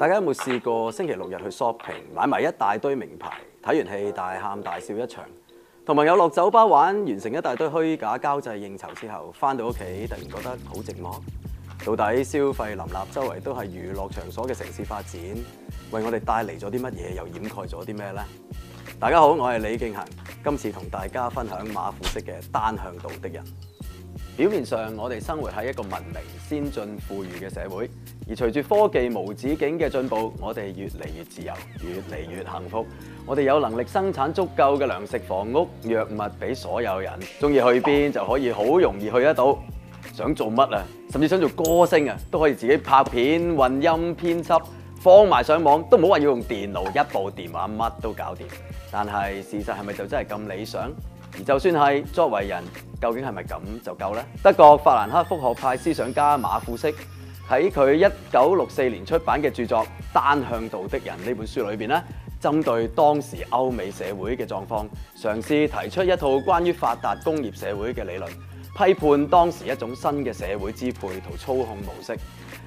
大家有冇試過星期六日去 shopping 買埋一大堆名牌，睇完戲大喊大笑一場，同朋友落酒吧玩，完成一大堆虛假交際應酬之後，翻到屋企突然覺得好寂寞。到底消費林立，周圍都係娛樂場所嘅城市發展，為我哋帶嚟咗啲乜嘢，又掩蓋咗啲咩呢？大家好，我係李敬恒，今次同大家分享馬庫色嘅《單向度的人》。表面上，我哋生活喺一個文明、先進、富裕嘅社會，而隨住科技無止境嘅進步，我哋越嚟越自由，越嚟越幸福。我哋有能力生產足夠嘅糧食、房屋、藥物俾所有人，鍾意去邊就可以好容易去得到。想做乜啊？甚至想做歌星啊，都可以自己拍片、混音、編輯，放埋上網，都唔好話要用電腦，一部電話乜都搞掂。但係事實係咪就真係咁理想？而就算係作為人，究竟係咪咁就夠咧？德國法蘭克福學派思想家馬庫色喺佢一九六四年出版嘅著作《單向度的人》呢本書裏面，咧，針對當時歐美社會嘅狀況，嘗試提出一套關於發達工業社會嘅理論，批判當時一種新嘅社會支配同操控模式，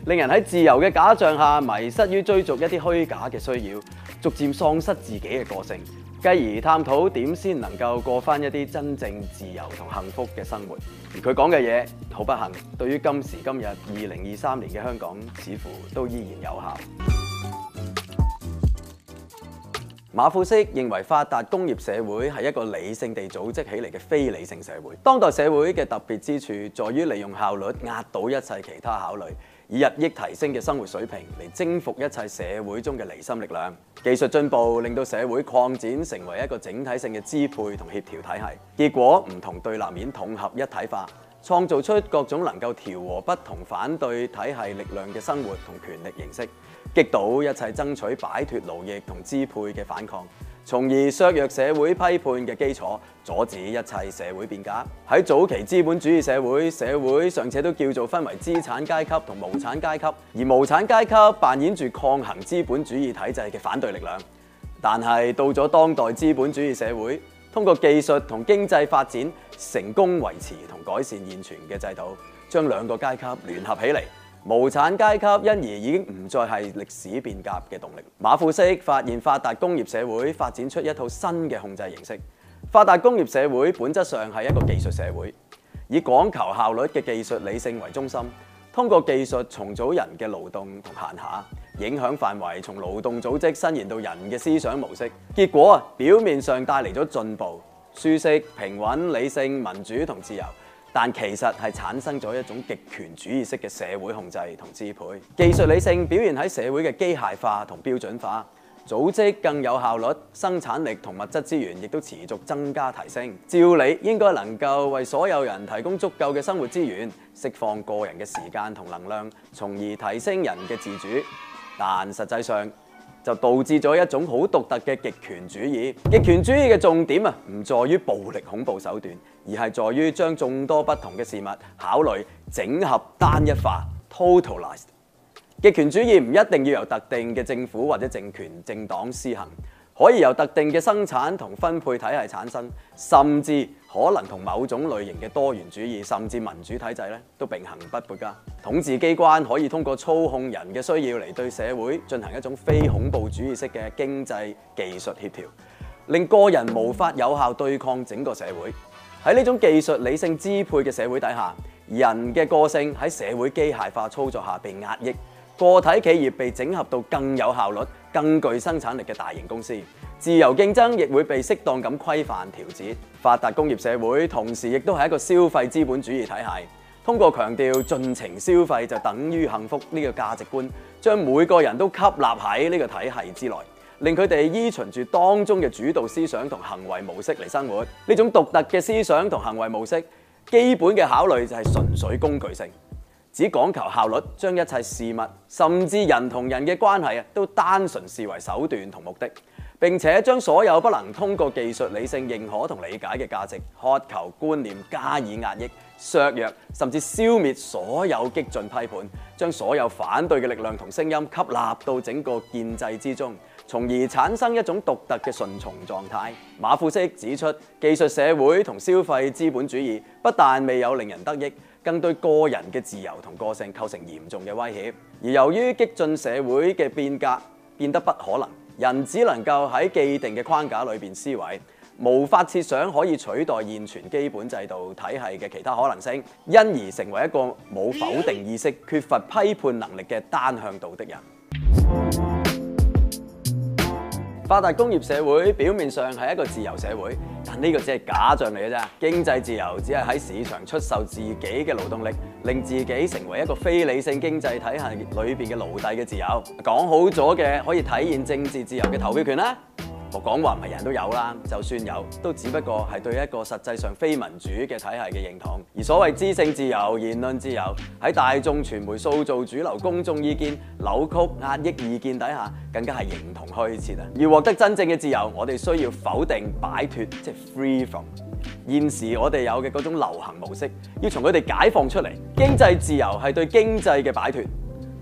令人喺自由嘅假象下迷失於追逐一啲虛假嘅需要，逐漸喪失自己嘅個性。繼而探討點先能夠過翻一啲真正自由同幸福嘅生活，而他說的，而佢講嘅嘢好不幸，對於今時今日二零二三年嘅香港，似乎都依然有效。馬庫色認為發達工業社會係一個理性地組織起嚟嘅非理性社會。當代社會嘅特別之處，在於利用效率壓倒一切其他考慮，以日益提升嘅生活水平嚟征服一切社會中嘅離心力量。技術進步令到社會擴展成為一個整體性嘅支配同協調體系，結果唔同對立面統合一體化，創造出各種能夠調和不同反對體系力量嘅生活同權力形式，擊倒一切爭取擺脱勞役同支配嘅反抗。從而削弱社會批判嘅基礎，阻止一切社會變革。喺早期資本主義社會，社會尚且都叫做分為資產階級同無產階級，而無產階級扮演住抗衡資本主義體制嘅反對力量。但係到咗當代資本主義社會，通過技術同經濟發展，成功維持同改善現存嘅制度，將兩個階級聯合起嚟。無產階級因而已經唔再係歷史變革嘅動力。馬庫色發現發達工業社會發展出一套新嘅控制形式。發達工業社會本質上係一個技術社會，以講求效率嘅技術理性為中心，通過技術重組人嘅勞動同閒暇，影響範圍從勞動組織伸延到人嘅思想模式。結果表面上帶嚟咗進步、舒適、平穩、理性、民主同自由。但其實係產生咗一種極權主義式嘅社會控制同支配。技術理性表現喺社會嘅機械化同標準化，組織更有效率，生產力同物質資源亦都持續增加提升。照理應該能夠為所有人提供足夠嘅生活資源，釋放個人嘅時間同能量，從而提升人嘅自主。但實際上，就導致咗一種好獨特嘅極權主義。極權主義嘅重點啊，唔在於暴力恐怖手段，而係在於將眾多不同嘅事物考慮整合單一化 t o t a l i z e d，極權主義唔一定要由特定嘅政府或者政權、政黨施行。可以由特定嘅生產同分配體系產生，甚至可能同某種類型嘅多元主義、甚至民主體制咧都並行不悖噶。統治機關可以通過操控人嘅需要嚟對社會進行一種非恐怖主義式嘅經濟技術協調，令個人無法有效對抗整個社會。喺呢種技術理性支配嘅社會底下，人嘅個性喺社會機械化操作下被壓抑。個體企業被整合到更有效率、更具生產力嘅大型公司，自由競爭亦會被適當咁規範調節。發達工業社會同時亦都係一個消費資本主義體系，通過強調盡情消費就等於幸福呢個價值觀，將每個人都吸納喺呢個體系之內，令佢哋依循住當中嘅主導思想同行為模式嚟生活。呢種獨特嘅思想同行為模式，基本嘅考慮就係純粹工具性。只講求效率，將一切事物，甚至人同人嘅關係啊，都單純視為手段同目的。並且將所有不能通過技術理性認可同理解嘅價值渴求觀念加以壓抑、削弱，甚至消滅所有激進批判，將所有反對嘅力量同聲音吸納到整個建制之中，從而產生一種獨特嘅順從狀態。馬庫色指出，技術社會同消費資本主義不但未有令人得益。更對個人嘅自由同個性構成嚴重嘅威脅，而由於激進社會嘅變革變得不可能，人只能夠喺既定嘅框架裏面思維，無法設想可以取代現存基本制度體系嘅其他可能性，因而成為一個冇否定意識、缺乏批判能力嘅單向度的人。發達工業社會表面上係一個自由社會，但呢個只係假象嚟嘅啫。經濟自由只係喺市場出售自己嘅勞動力，令自己成為一個非理性經濟體系裏邊嘅奴隸嘅自由。講好咗嘅可以體現政治自由嘅投票權啦。學講話唔係人都有啦，就算有，都只不過係對一個實際上非民主嘅體系嘅認同。而所謂知性自由、言論自由，喺大眾傳媒塑造主流公眾意見、扭曲壓抑意，意見底下，更加係形同虛設啊！要獲得真正嘅自由，我哋需要否定擺脱，即係 free from 現時我哋有嘅嗰種流行模式，要從佢哋解放出嚟。經濟自由係對經濟嘅擺脱。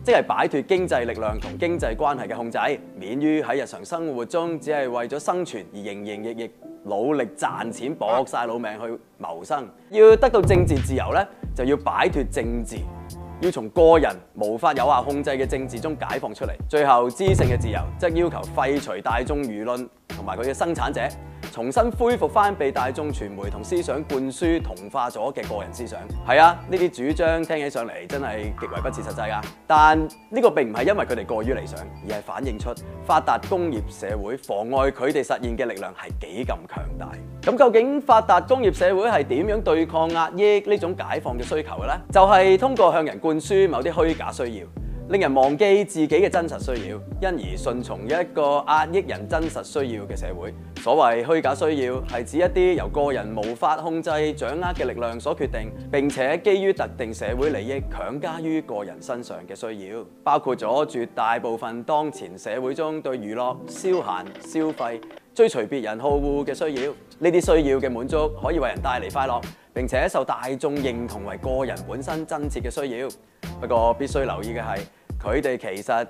即係擺脱經濟力量同經濟關係嘅控制，免於喺日常生活中只係為咗生存而營營役役，努力賺錢，搏晒老命去謀生。要得到政治自由呢，就要擺脱政治，要從個人無法有效控制嘅政治中解放出嚟。最後，知性嘅自由即要求廢除大眾輿論同埋佢嘅生產者。重新恢復翻被大眾傳媒同思想灌輸同化咗嘅個人思想。係啊，呢啲主張聽起上嚟真係極為不切實際啊！但呢個並唔係因為佢哋過於理想，而係反映出發達工業社會妨礙佢哋實現嘅力量係幾咁強大。咁究竟發達工業社會係點樣對抗壓抑呢種解放嘅需求嘅呢？就係通過向人灌輸某啲虛假需要。令人忘記自己嘅真實需要，因而順從一個壓抑人真實需要嘅社會。所謂虛假需要，係指一啲由個人無法控制、掌握嘅力量所決定，並且基於特定社會利益強加於個人身上嘅需要。包括咗絕大部分當前社會中對娛樂、消閒、消費、追隨別人好惡嘅需要。呢啲需要嘅滿足可以為人帶嚟快樂，並且受大眾認同為個人本身真切嘅需要。不過必須留意嘅係，佢哋其實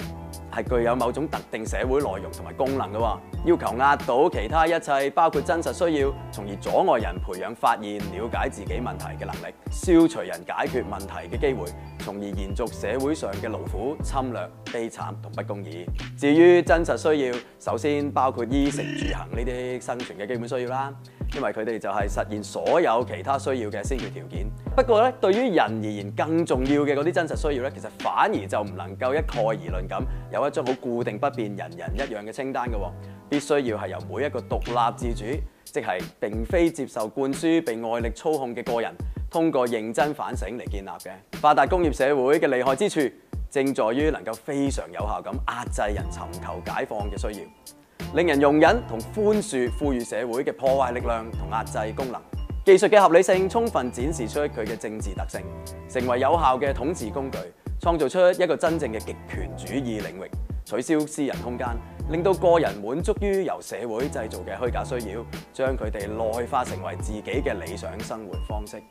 係具有某種特定社會內容同埋功能㗎喎。要求壓倒其他一切，包括真實需要，從而阻礙人培養發現、了解自己問題嘅能力，消除人解決問題嘅機會，從而延續社會上嘅勞苦、侵略、悲慘同不公義。至於真實需要，首先包括衣食住行呢啲生存嘅基本需要啦，因為佢哋就係實現所有其他需要嘅先決條件。不過咧，對於人而言，更重要嘅嗰啲真實需要咧，其實反而就唔能夠一概而論咁，有一張好固定不變、人人一樣嘅清單嘅喎。必須要係由每一個獨立自主，即係並非接受灌輸、被外力操控嘅個人，通過認真反省嚟建立嘅。發達工業社會嘅厲害之處，正在於能夠非常有效咁壓制人尋求解放嘅需要，令人容忍同寬恕富裕社會嘅破壞力量同壓制功能。技術嘅合理性充分展示出佢嘅政治特性，成為有效嘅統治工具，創造出一個真正嘅極權主義領域，取消私人空間。令到個人滿足於由社會製造嘅虛假需要，將佢哋內化成為自己嘅理想生活方式。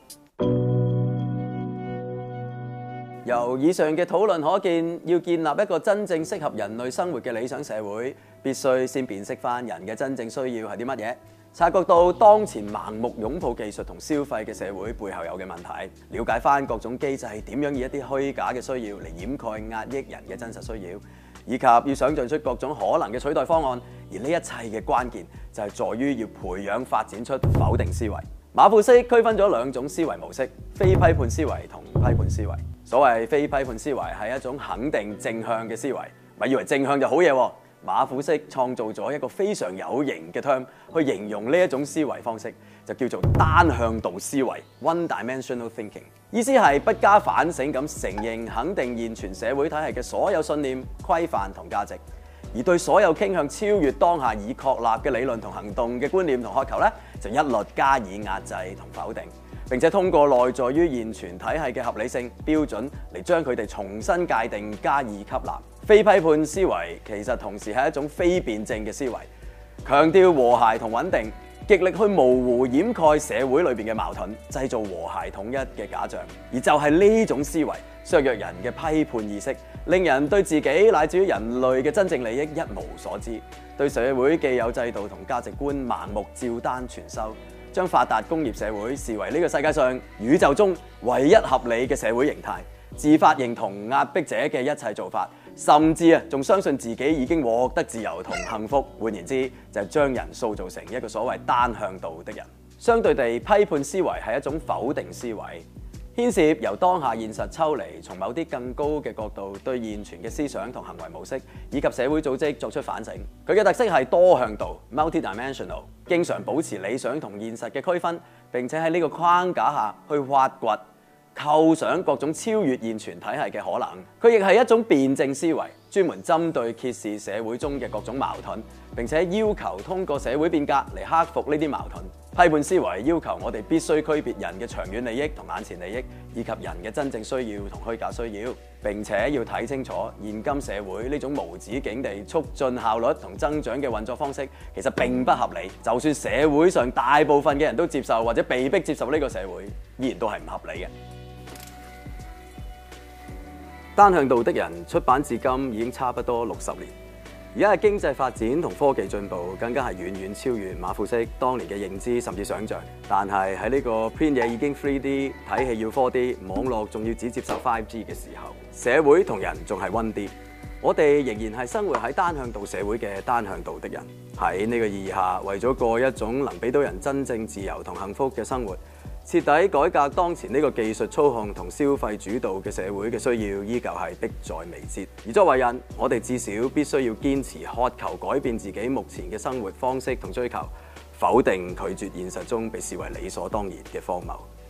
由以上嘅討論可見，要建立一個真正適合人類生活嘅理想社會，必須先辨識翻人嘅真正需要係啲乜嘢，察覺到當前盲目擁抱技術同消費嘅社會背後有嘅問題，了解翻各種機制係點樣以一啲虛假嘅需要嚟掩蓋壓抑人嘅真實需要。以及要想像出各種可能嘅取代方案，而呢一切嘅關鍵就係在於要培養發展出否定思維。馬庫色區分咗兩種思維模式：非批判思維同批判思維。所謂非批判思維係一種肯定正向嘅思維，咪以為正向就好嘢喎。馬庫色創造咗一個非常有型嘅 term 去形容呢一種思維方式，就叫做單向度思維 （One-dimensional thinking）。意思係不加反省咁承認肯定現存社會體系嘅所有信念、規範同價值，而對所有傾向超越當下已確立嘅理論同行動嘅觀念同渴求咧，就一律加以壓制同否定。並且通過內在於現存體系嘅合理性標準嚟將佢哋重新界定、加以吸納。非批判思維其實同時係一種非辯證嘅思維，強調和諧同穩定。極力去模糊掩蓋社會裏邊嘅矛盾，製造和諧統一嘅假象，而就係呢種思維，削弱人嘅批判意識，令人對自己乃至於人類嘅真正利益一無所知，對社會既有制度同價值觀盲目照單全收，將發達工業社會視為呢個世界上宇宙中唯一合理嘅社會形態，自發認同壓迫者嘅一切做法。甚至啊，仲相信自己已經獲得自由同幸福。換言之，就係將人塑造成一個所謂單向度的人。相對地，批判思維係一種否定思維，牽涉由當下現實抽離，從某啲更高嘅角度對現存嘅思想同行為模式以及社會組織作出反省。佢嘅特色係多向度 （multi-dimensional），經常保持理想同現實嘅區分，並且喺呢個框架下去挖掘。構想各種超越現存體系嘅可能，佢亦係一種辯證思維，專門針對揭示社會中嘅各種矛盾，並且要求通過社會變革嚟克服呢啲矛盾。批判思維要求我哋必須區別人嘅長遠利益同眼前利益，以及人嘅真正需要同虛假需要。並且要睇清楚現今社會呢種無止境地促進效率同增長嘅運作方式，其實並不合理。就算社會上大部分嘅人都接受或者被逼接受，呢個社會依然都係唔合理嘅。單向度的人出版至今已經差不多六十年，而家嘅經濟發展同科技進步更加係遠遠超越馬庫色當年嘅認知甚至想象。但係喺呢個編嘢已經 3D，睇戲要 4D，網絡仲要只接受 5G 嘅時候，社會同人仲係 1D，我哋仍然係生活喺單向度社會嘅單向度的人。喺呢個意義下，為咗過一種能俾到人真正自由同幸福嘅生活。徹底改革當前呢個技術操控同消費主導嘅社會嘅需要，依舊係迫在眉睫。而作為人，我哋至少必須要堅持渴求改變自己目前嘅生活方式同追求，否定拒絕現實中被視為理所當然嘅荒謬。